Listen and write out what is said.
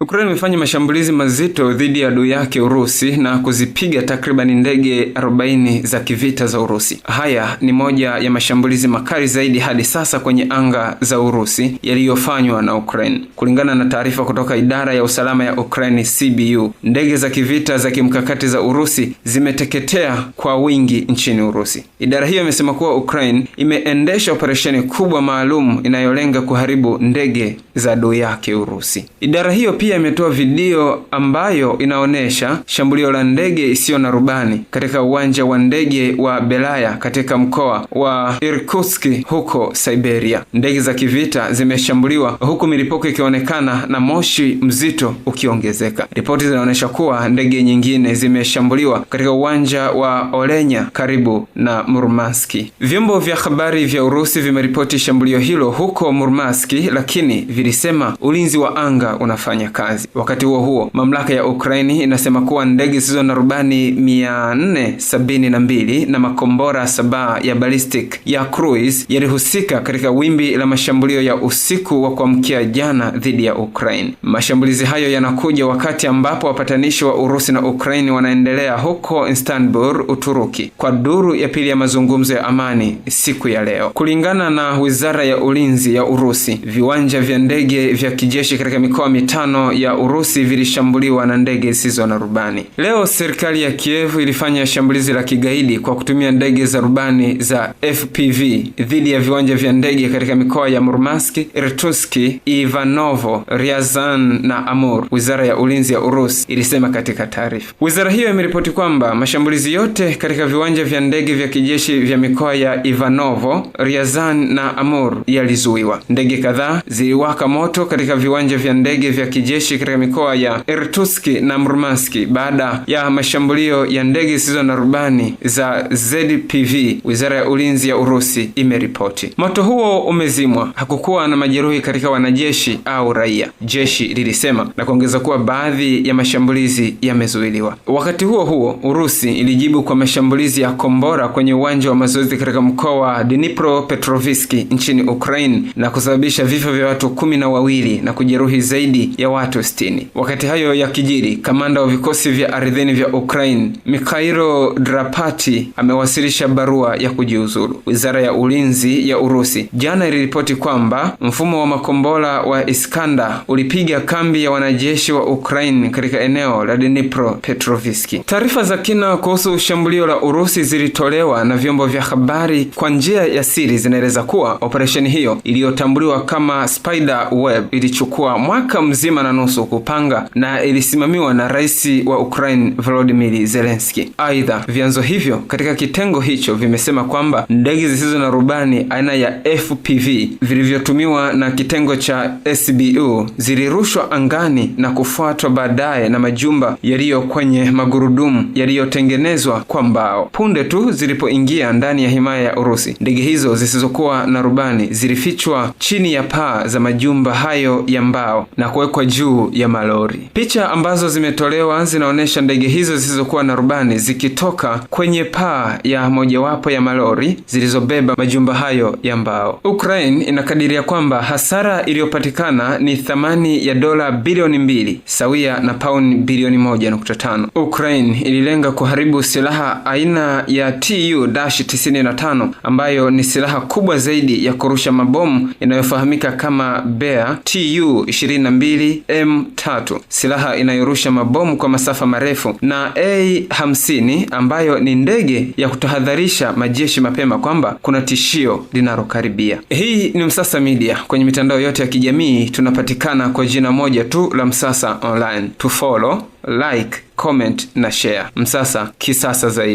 Ukraine imefanya mashambulizi mazito dhidi ya adui yake Urusi na kuzipiga takribani ndege 40 za kivita za Urusi. Haya ni moja ya mashambulizi makali zaidi hadi sasa kwenye anga za Urusi yaliyofanywa na Ukraine. Kulingana na taarifa kutoka idara ya usalama ya Ukraine CBU, ndege za kivita za kimkakati za Urusi zimeteketea kwa wingi nchini Urusi. Idara hiyo imesema kuwa Ukraine imeendesha operesheni kubwa maalum inayolenga kuharibu ndege za adui yake Urusi. Idara hiyo pia pia imetoa video ambayo inaonyesha shambulio la ndege isiyo na rubani katika uwanja wa ndege wa Belaya katika mkoa wa Irkutsk huko Siberia. Ndege za kivita zimeshambuliwa huku milipuko ikionekana na moshi mzito ukiongezeka. Ripoti zinaonyesha kuwa ndege nyingine zimeshambuliwa katika uwanja wa Olenya karibu na Murmansk. Vyombo vya habari vya Urusi vimeripoti shambulio hilo huko Murmansk, lakini vilisema ulinzi wa anga unafanya kazi. Wakati huo huo, mamlaka ya Ukraini inasema kuwa ndege zisizo na rubani 472 na makombora saba ya ballistic ya cruise yalihusika katika wimbi la mashambulio ya usiku wa kuamkia jana dhidi ya Ukraine. Mashambulizi hayo yanakuja wakati ambapo wapatanishi wa Urusi na Ukraini wanaendelea huko Istanbul, Uturuki, kwa duru ya pili ya mazungumzo ya amani siku ya leo. Kulingana na Wizara ya Ulinzi ya Urusi, viwanja vya ndege vya kijeshi katika mikoa mitano ya Urusi vilishambuliwa na ndege zisizo na rubani. Leo serikali ya Kiev ilifanya shambulizi la kigaidi kwa kutumia ndege za rubani za FPV dhidi ya viwanja vya ndege katika mikoa ya Murmansk, Irkutsk, Ivanovo, Ryazan na Amur, wizara ya ulinzi ya Urusi ilisema katika taarifa. Wizara hiyo imeripoti kwamba mashambulizi yote katika viwanja vya ndege vya kijeshi vya mikoa ya Ivanovo, Ryazan na Amur yalizuiwa. Ndege kadhaa ziliwaka moto katika viwanja vya ndege vya kijeshi kijeshi katika mikoa ya Irtuski na Murmanski baada ya mashambulio ya ndege zisizo na rubani za ZPV, wizara ya ulinzi ya Urusi imeripoti. Moto huo umezimwa, hakukuwa na majeruhi katika wanajeshi au raia, jeshi lilisema na kuongeza kuwa baadhi ya mashambulizi yamezuiliwa. Wakati huo huo, Urusi ilijibu kwa mashambulizi ya kombora kwenye uwanja wa mazoezi katika mkoa wa Dnipro Petroviski nchini Ukraine na kusababisha vifo vya watu kumi na wawili na kujeruhi zaidi ya watu 60. Wakati hayo ya kijiri kamanda wa vikosi vya ardhini vya Ukraine Mikhailo Drapati amewasilisha barua ya kujiuzulu. Wizara ya ulinzi ya Urusi jana iliripoti kwamba mfumo wa makombora wa Iskanda ulipiga kambi ya wanajeshi wa Ukraine katika eneo la Dnipro Petroviski. Taarifa za kina kuhusu shambulio la Urusi zilitolewa na vyombo vya habari kwa njia ya siri, zinaeleza kuwa operesheni hiyo iliyotambuliwa kama Spider Web ilichukua mwaka mzima na na nusu kupanga na ilisimamiwa na rais wa Ukraine Volodymyr Zelensky. Aidha, vyanzo hivyo katika kitengo hicho vimesema kwamba ndege zisizo na rubani aina ya FPV vilivyotumiwa na kitengo cha SBU zilirushwa angani na kufuatwa baadaye na majumba yaliyo kwenye magurudumu yaliyotengenezwa kwa mbao. Punde tu zilipoingia ndani ya himaya ya Urusi, ndege hizo zisizokuwa na rubani zilifichwa chini ya paa za majumba hayo ya mbao na kuwekwa juu ya malori. Picha ambazo zimetolewa zinaonyesha ndege hizo zisizokuwa na rubani zikitoka kwenye paa ya mojawapo ya malori zilizobeba majumba hayo ya mbao. Ukraine inakadiria kwamba hasara iliyopatikana ni thamani ya dola bilioni mbili sawia na pauni bilioni moja nukta tano. Ukraine ililenga kuharibu silaha aina ya Tu-95 ambayo ni silaha kubwa zaidi ya kurusha mabomu inayofahamika kama Bear Tu-22 M3, silaha inayorusha mabomu kwa masafa marefu, na A50 ambayo ni ndege ya kutahadharisha majeshi mapema kwamba kuna tishio linalokaribia. Hii ni Msasa Media. Kwenye mitandao yote ya kijamii tunapatikana kwa jina moja tu la Msasa Online. Tufollow, like, comment na share. Msasa kisasa zaidi.